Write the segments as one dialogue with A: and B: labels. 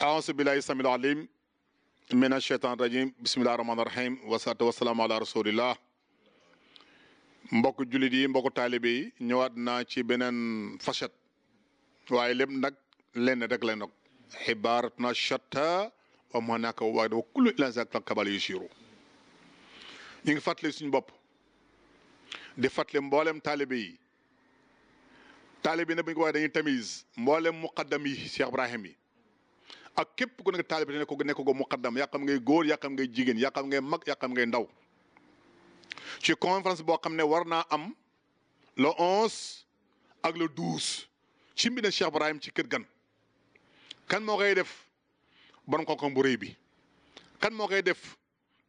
A: aousu billahi samil alim min asheytan rajim bisimillahi rahmaani rahim wasalaatu wasalaamu ala rasulillah mbokk jullit yi mbokk taalibe yi ñëwaat naa ci beneen facette waaye lépp nag lenn rek lay nag na shatta wa ma naka waaye dafa kullu ilan sa kabal yu siiru ñu ngi fàttali suñu bopp di fàttali mboolem taalibe yi taalibe yi nag bu ñu ko waxee dañuy tamise mboolem muqaddam yi Cheikh Ibrahim ak képp ku nekk taalibe te nekk nekk ko muqaddam yaa xam ngay góor yaa xam ngay jigéen yaa xam ngay mag yaa xam ngay ndaw ci conférence boo xam ne war naa am le onze ak le douze ci mbine Cheikh Ibrahim ci kër gan kan moo koy def borom xam-xam bu rëy bi kan moo koy def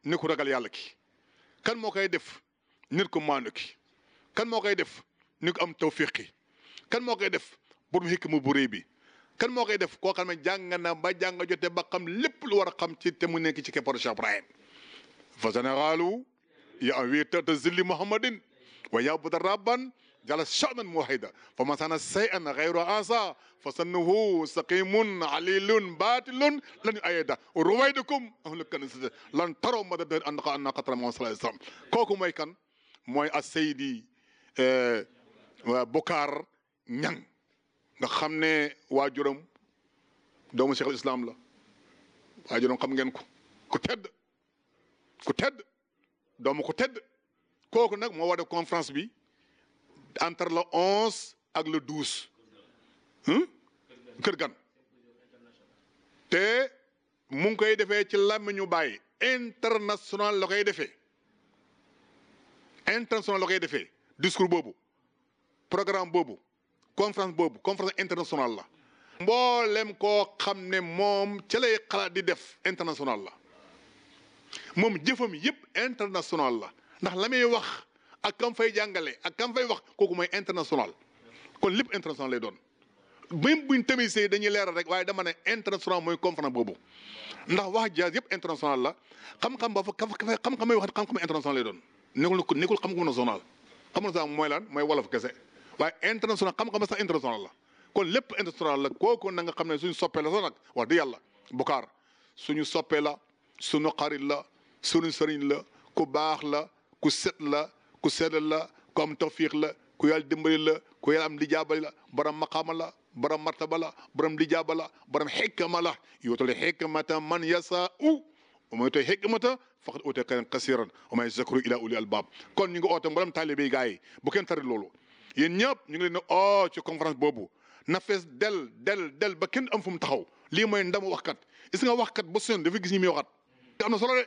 A: ni ku ragal yàlla ki kan moo koy def nit ku maandu ki kan moo koy def ni ku am tawfiq ki kan moo koy def borom xikma bu rëy bi kan moo koy def koo xam ne jàng na ba jàng jotee ba xam lépp lu war a xam ci te mu nekk ci keppaaru Cheikh Ibrahim fa généralu ya wi tata zilli muhammadin wa yabuda rabban jala shanan muwahida fa masana sayan gayru asa fa sannuhu saqimun alilun batilun lan yu ayeda ruwaydukum ahlukan lan taro madada annaka anna qatra muhammad sallallahu alayhi wasallam kooku mooy kan mooy a seydi eh, Bokar Ñang nga xam ne waajuram doomu Cheikh al Islam la waajuram xam ngeen ko ku tedd ku tedd doomu ku tedd kooku nag moo war a conférence bi entre le onze ak le douze hmm? kër gan te mu koy defee ci làmmiñu bàyyi international la koy defee international la koy defee discours boobu programme boobu conférence boobu conférence internationale la mboolem koo xam ne moom ca xalaat di def international la moom jëfam yépp international la ndax la muy wax ak kam fay jàngale ak kam fay wax kooku mooy international kon lépp international lay doon même buñ tamisee dañuy leeral rek waaye dama ne international mooy conférence boobu ndax wax jaaz yépp international la xam-xam ba fa xam-xam may wax xam-xam international lay doon nekkul nekkul xam-xam national xam na mooy lan mooy wolof kese waaye international xam-xam sax international la kon lépp international la kooku na nga xam ne suñu soppee la sax nag wax di yàlla Boucar suñu soppee la suñu xarit la suñu sëriñ la ku baax la ku set la ku seddal la ku am tawfiix la ku yàlla dimbali la ku yàlla am lijaabali la borom maqaama la borom martaba la borom lijaaba la borom xikma la yootul xikmata man yasa u wa man yuuta xikmata faqad uutia xayran kasiran wa maa yazakkuru illaa ulul albaab kon ñu ngi oote mboolem taalibe yi gaa yi bu kenn tari loolu yéen ñëpp ñu ngi leen ne oo ci conférence boobu na fees del del del ba kenn am fu mu taxaw lii mooy ndamu waxkat gis nga waxkat boo seen dafa gis ñu muy waxat te am na solo de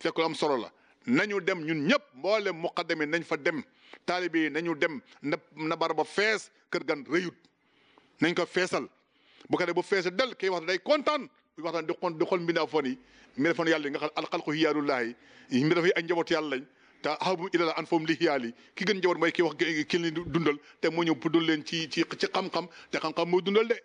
A: fekk lu am solo la nañu dem ñun ñëpp mboolem muqaddam yi nañ fa dem taalibe yi nañu dem na na bara ba fees kër gan rëyut nañ ko feesal bu ko boo bu feesee del kii wax day kontaan bu waxtaan di xon di xool mbindaafoon yi mbindaafoon yàlla yi nga xam alxalqu xiyaarullahi yi mbindaafoon yi ay njaboot yàlla lañ te habum ilala an foom li xiyaal yi ki gën njaboot mooy ki wax ki leen dundal te moo ñëw dund leen ci ci ci xam te xam-xam moo dundal de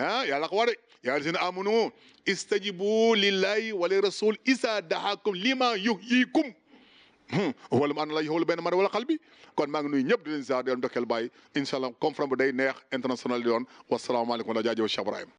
A: ah yàlla ko ware yaa lazina amanu istajibu lillahi wa li rasul isa dahakum lima yuhyikum wala mu ànd la yow benn mara wala xal bi kon maa ngi nuyu ñëpp di leen ziar di leen dokkeel bàyyi bu day neex international di doon wasalaamaaleykum wa rahmatulah jaajëf Cheikh Ibrahim